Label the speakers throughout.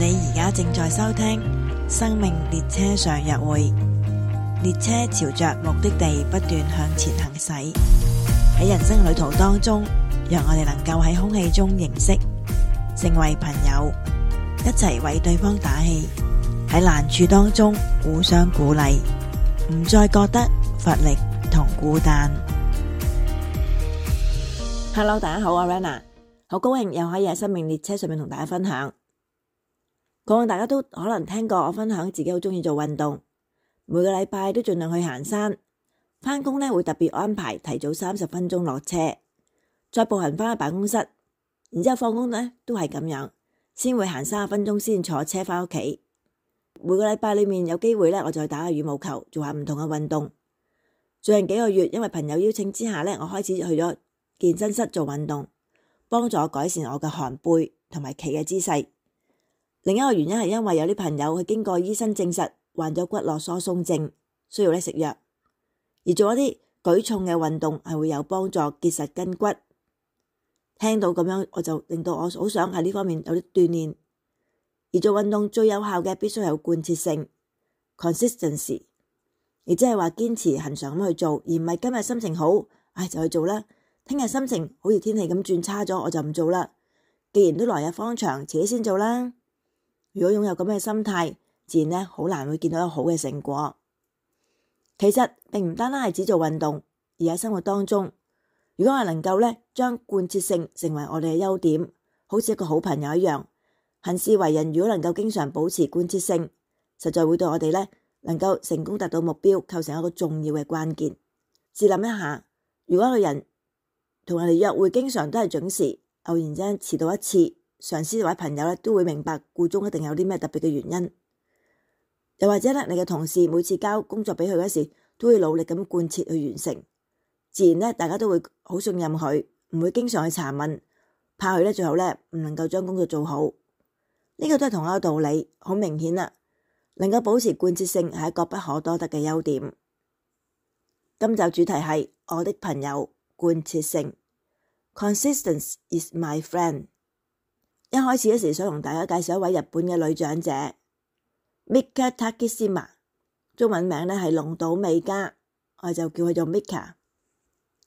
Speaker 1: 你而家正在收聽生命列車上入會，列車朝着目的地不斷向前行駛。喺人生旅途當中，讓我哋能夠喺空氣中認識，成為朋友，一齊為對方打氣。喺難處當中互相鼓勵，唔再覺得乏力同孤單。Hello，大家好，我 Rana，好高興又可以喺生命列車上面同大家分享。過往大家都可能聽過我分享自己好鍾意做運動，每個禮拜都盡量去行山。翻工咧會特別安排提早三十分鐘落車，再步行翻去辦公室。然之後放工咧都係咁樣，先會行三十分鐘先坐車翻屋企。每個禮拜裏面有機會咧，我就去打下羽毛球，做下唔同嘅運動。最近幾個月，因為朋友邀請之下咧，我開始去咗健身室做運動，幫助我改善我嘅寒背同埋企嘅姿勢。另一個原因係因為有啲朋友佢經過醫生證實患咗骨骼疏鬆症，需要咧食藥，而做一啲舉重嘅運動係會有幫助結實根骨。聽到咁樣，我就令到我好想喺呢方面有啲鍛煉。而做運動最有效嘅，必須有貫徹性 （consistency），亦即係話堅持恆常咁去做，而唔係今日心情好，唉就去做啦。聽日心情好似天氣咁轉差咗，我就唔做啦。既然都來日方長，遲啲先做啦。如果擁有咁嘅心態，自然呢好難會見到一個好嘅成果。其實並唔單單係只做運動，而喺生活當中，如果我哋能夠呢將貫徹性成為我哋嘅優點，好似一個好朋友一樣，行事為人如果能夠經常保持貫徹性，實在會對我哋呢能夠成功達到目標，構成一個重要嘅關鍵。試諗一下，如果一個人同人哋約會，經常都係準時，偶然間遲到一次，上司或者朋友咧都會明白，故中一定有啲咩特別嘅原因，又或者咧，你嘅同事每次交工作俾佢嗰時，都會努力咁貫徹去完成，自然咧，大家都會好信任佢，唔會經常去查問，怕佢咧最後咧唔能夠將工作做好。呢個都係同一個道理，好明顯啦。能夠保持貫徹性係一個不可多得嘅優點。今集主題係我的朋友貫徹性，Consistency is my friend。一開始嘅時，想同大家介紹一位日本嘅女長者 Mika Takishima，中文名咧係龍島美嘉，我哋就叫佢做 Mika，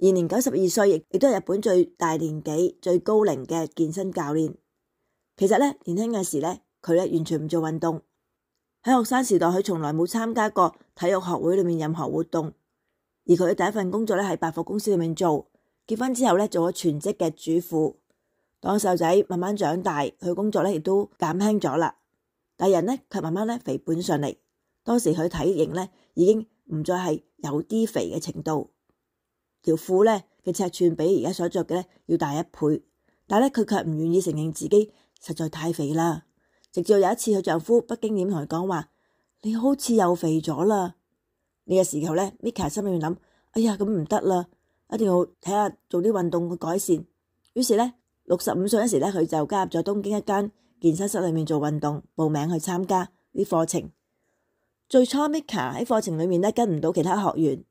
Speaker 1: 現年九十二歲，亦亦都係日本最大年紀、最高齡嘅健身教練。其實咧年輕嘅時咧，佢咧完全唔做運動，喺學生時代佢從來冇參加過體育學會裏面任何活動，而佢嘅第一份工作咧喺百貨公司裏面做，結婚之後咧做咗全職嘅主婦。當細仔慢慢長大，佢工作咧亦都減輕咗啦，但人咧卻慢慢咧肥胖上嚟。當時佢體型咧已經唔再係有啲肥嘅程度，條褲咧嘅尺寸比而家所着嘅咧要大一倍，但係咧佢卻唔願意承認自己實在太肥啦。直至有一次，佢丈夫不經意同佢講話：，你好似又肥咗啦。呢個時候咧，Mika 心裏面諗：，哎呀，咁唔得啦，一定要睇下做啲運動嘅改善。於是咧。六十五歲嗰時咧，佢就加入咗東京一間健身室裏面做運動，報名去參加啲課程。最初 Mika 喺課程裏面跟唔到其他學員，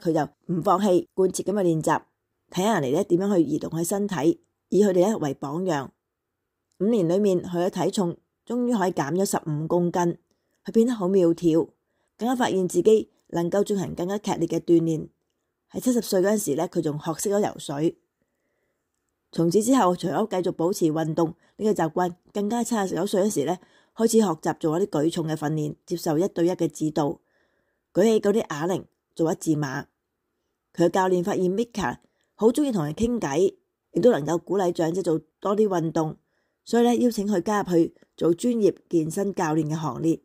Speaker 1: 佢就唔放棄，貫徹咁去練習，睇下人哋咧點樣去移動佢身體，以佢哋咧為榜樣。五年裏面，佢嘅體重終於可以減咗十五公斤，佢變得好苗條，更加發現自己能夠進行更加劇烈嘅鍛煉。喺七十歲嗰陣時，佢仲學識咗游水。從此之後，除咗繼續保持運動呢個習慣，更加七十九歲嗰時咧，開始學習做一啲舉重嘅訓練，接受一對一嘅指導，舉起嗰啲啞鈴，做一字馬。佢嘅教練發現 Mika 好鍾意同人傾偈，亦都能夠鼓勵長者做多啲運動，所以咧邀請佢加入去做專業健身教練嘅行列。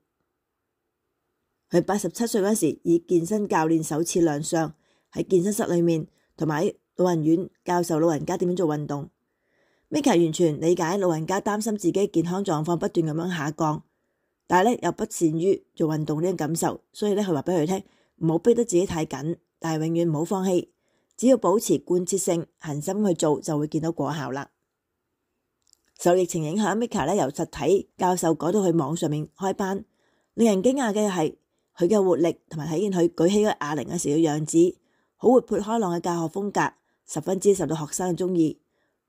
Speaker 1: 佢八十七歲嗰時，以健身教練首次亮相喺健身室裏面，同埋。老人院教授老人家點樣做運動，Mika 完全理解老人家擔心自己健康狀況不斷咁樣下降，但係咧又不善於做運動呢種感受，所以咧佢話俾佢聽，唔好逼得自己太緊，但係永遠唔好放棄，只要保持貫徹性，恒心去做，就會見到果效啦。受疫情影響，Mika 咧由實體教授改到去網上面開班，令人驚訝嘅係佢嘅活力同埋睇見佢舉起個啞鈴嗰時嘅樣子，好活潑開朗嘅教學風格。十分之受到學生嘅中意，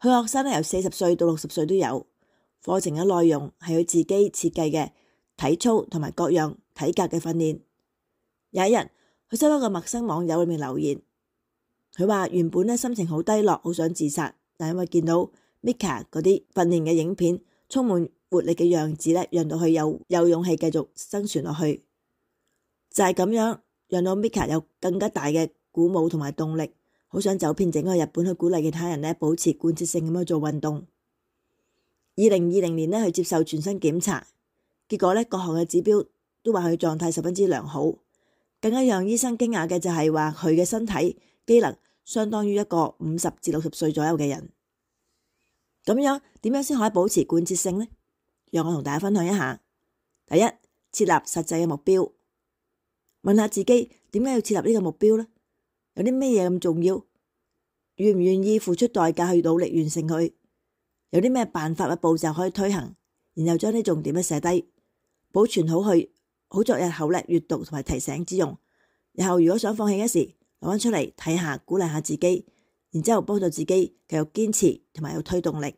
Speaker 1: 佢嘅學生咧由四十歲到六十歲都有。課程嘅內容係佢自己設計嘅體操同埋各樣體格嘅訓練。有一日，佢收到個陌生網友裏面留言，佢話，原本咧心情好低落，好想自殺，但因為見到 Mika 嗰啲訓練嘅影片，充滿活力嘅樣子咧，讓到佢有有勇氣繼續生存落去，就係咁樣，讓到 Mika 有更加大嘅鼓舞同埋動力。好想走遍整個日本去鼓勵其他人呢，保持貫徹性咁樣做運動。二零二零年呢，去接受全身檢查，結果呢，各項嘅指標都話佢狀態十分之良好。更加讓醫生驚訝嘅就係話佢嘅身體機能相當於一個五十至六十歲左右嘅人。咁樣點樣先可以保持貫徹性呢？讓我同大家分享一下。第一，設立實際嘅目標。問下自己點解要設立呢個目標呢？有啲咩嘢咁重要？願唔願意付出代價去努力完成佢？有啲咩辦法或步驟可以推行？然後將啲重點一寫低，保存好去，好作日後咧閱讀同埋提醒之用。然後如果想放棄嘅時，留翻出嚟睇下看看，鼓勵下自己，然之後幫助自己繼續堅持同埋有推動力。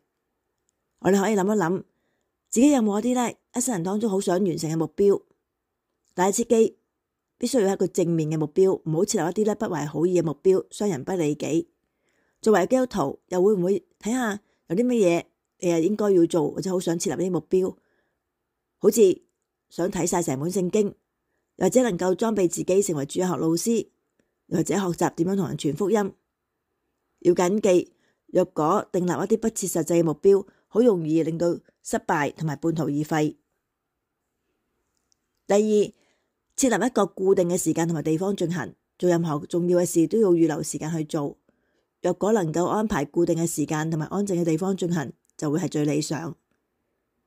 Speaker 1: 我哋可以諗一諗，自己有冇一啲咧，一生人當中好想完成嘅目標，但係切記。必須要有一個正面嘅目標，唔好設立一啲咧不懷好意嘅目標，傷人不利己。作為基督徒，又會唔會睇下有啲乜嘢你又應該要做，或者好想設立呢啲目標，好似想睇晒成本聖經，或者能夠裝備自己成為主日學老師，或者學習點樣同人傳福音。要謹記，若果定立一啲不切實際嘅目標，好容易令到失敗同埋半途而廢。第二。設立一個固定嘅時間同埋地方進行，做任何重要嘅事，都要預留時間去做。若果能夠安排固定嘅時間同埋安靜嘅地方進行，就會係最理想。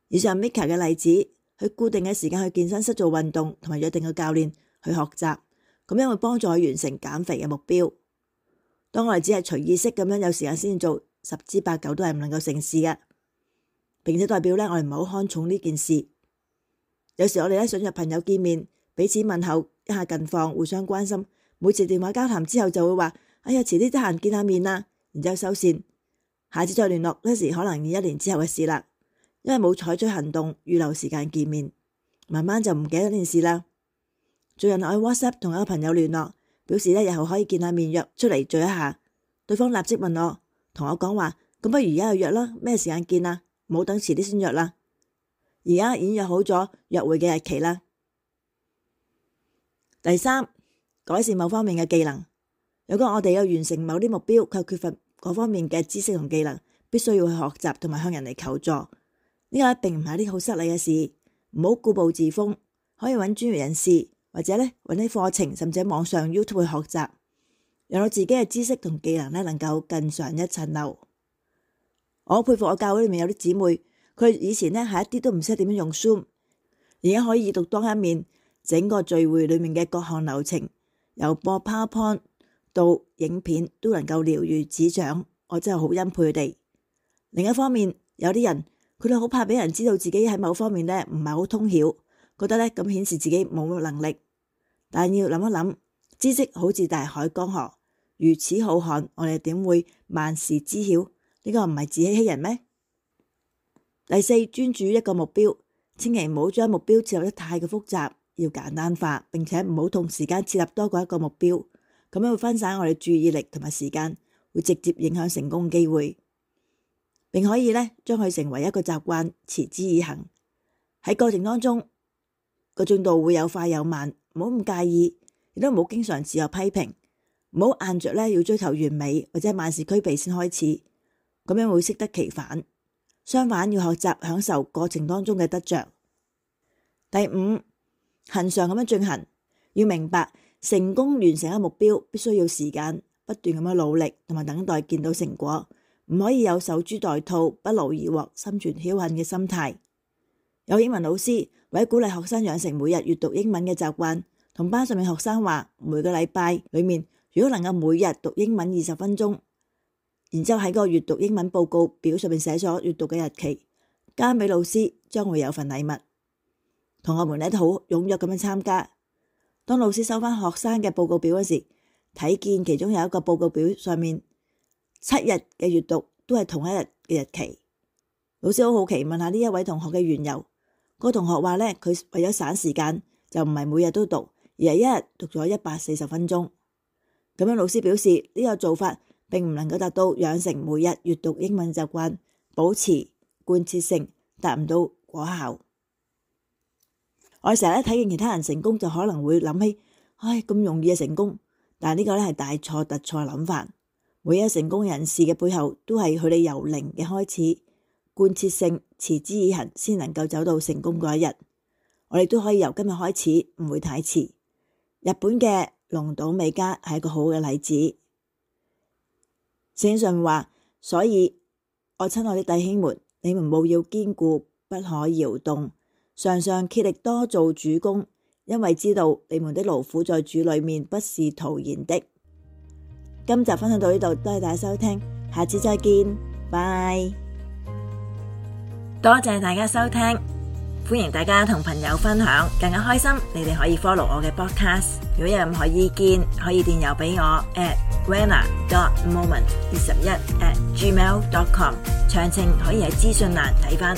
Speaker 1: 以上 Mika 嘅例子，佢固定嘅時間去健身室做運動，同埋約定嘅教練去學習，咁因為幫助佢完成減肥嘅目標。當我哋只係隨意式咁樣有時間先做，十之八九都係唔能夠成事嘅，並且代表咧我哋唔好看重呢件事。有時我哋咧想約朋友見面。彼此問候一下近況，互相關心。每次電話交談之後，就會話：哎呀，遲啲得閒見下面啦。然之後收線，下次再聯絡嗰時，可能係一年之後嘅事啦。因為冇採取行動預留時間見面，慢慢就唔記得呢件事啦。最近喺 WhatsApp 同一個朋友聯絡，表示呢日後可以見下面約出嚟聚一下。對方立即問我，同我講話：咁不如而家去約啦，咩時間見啊？冇等遲啲先約啦。而家已經約好咗約會嘅日期啦。第三，改善某方面嘅技能。如果我哋要完成某啲目標，卻缺乏各方面嘅知識同技能，必須要去學習同埋向人哋求助。呢個並唔係啲好失禮嘅事，唔好固步自封，可以揾專業人士或者呢揾啲課程，甚至係網上 YouTube 去學習，讓我自己嘅知識同技能呢能夠更上一層樓。我佩服我教會裏面有啲姊妹，佢以前呢係一啲都唔識點樣用 Zoom，而家可以獨當一面。整個聚會裏面嘅各項流程，由播 PowerPoint 到影片都能夠了如指掌，我真係好欽佩佢哋。另一方面，有啲人佢哋好怕俾人知道自己喺某方面呢唔係好通曉，覺得呢咁顯示自己冇能力。但要諗一諗，知識好似大海江河，如此浩瀚，我哋點會萬事知曉？呢個唔係自欺欺人咩？第四，專注一個目標，千祈唔好將目標設立得太過複雜。要簡單化，並且唔好同時間設立多過一個目標，咁樣會分散我哋注意力同埋時間，會直接影響成功機會，並可以咧將佢成為一個習慣，持之以恆。喺過程當中，個進度會有快有慢，唔好咁介意，亦都唔好經常自我批評，唔好硬着咧要追求完美或者萬事俱備先開始，咁樣會適得其反。相反，要學習享受過程當中嘅得着。第五。恒常咁樣進行，要明白成功完成一個目標，必須要時間不斷咁樣努力同埋等待見到成果，唔可以有守株待兔、不勞而獲、心存僥幸嘅心態。有英文老師為鼓勵學生養成每日閱讀英文嘅習慣，同班上面學生話：每個禮拜裏面，如果能夠每日讀英文二十分鐘，然之後喺個閱讀英文報告表上面寫咗閱讀嘅日期，交俾老師，將會有份禮物。同學們咧都好踴躍咁樣參加。當老師收翻學生嘅報告表嗰時，睇見其中有一個報告表上面七日嘅閱讀都係同一日嘅日期。老師好好奇問下呢一位同學嘅緣由。個同學話呢，佢為咗省時間，就唔係每日都讀，而係一日讀咗一百四十分鐘。咁樣老師表示呢個做法並唔能夠達到養成每日閱讀英文習慣，保持貫徹性，達唔到果效。我哋成日咧睇見其他人成功，就可能會諗起，唉，咁容易嘅成功，但係呢個咧係大錯特錯諗法。每一成功人士嘅背後，都係佢哋由零嘅開始，貫徹性、持之以恒，先能夠走到成功嗰一日。我哋都可以由今日開始，唔會太遲。日本嘅龍島美嘉係一個好嘅例子。聖經上面話，所以我親愛嘅弟兄們，你們務要堅固，不可搖動。常常竭力多做主工，因為知道你們的勞苦在主裏面不是徒然的。今集分享到呢度，多謝大家收聽，下次再見，拜。多謝大家收聽，歡迎大家同朋友分享，更加開心。你哋可以 follow 我嘅 podcast，如果有任何意見，可以電郵俾我 at wenna dot moment 二十一 at gmail dot com，詳情可以喺資訊欄睇返。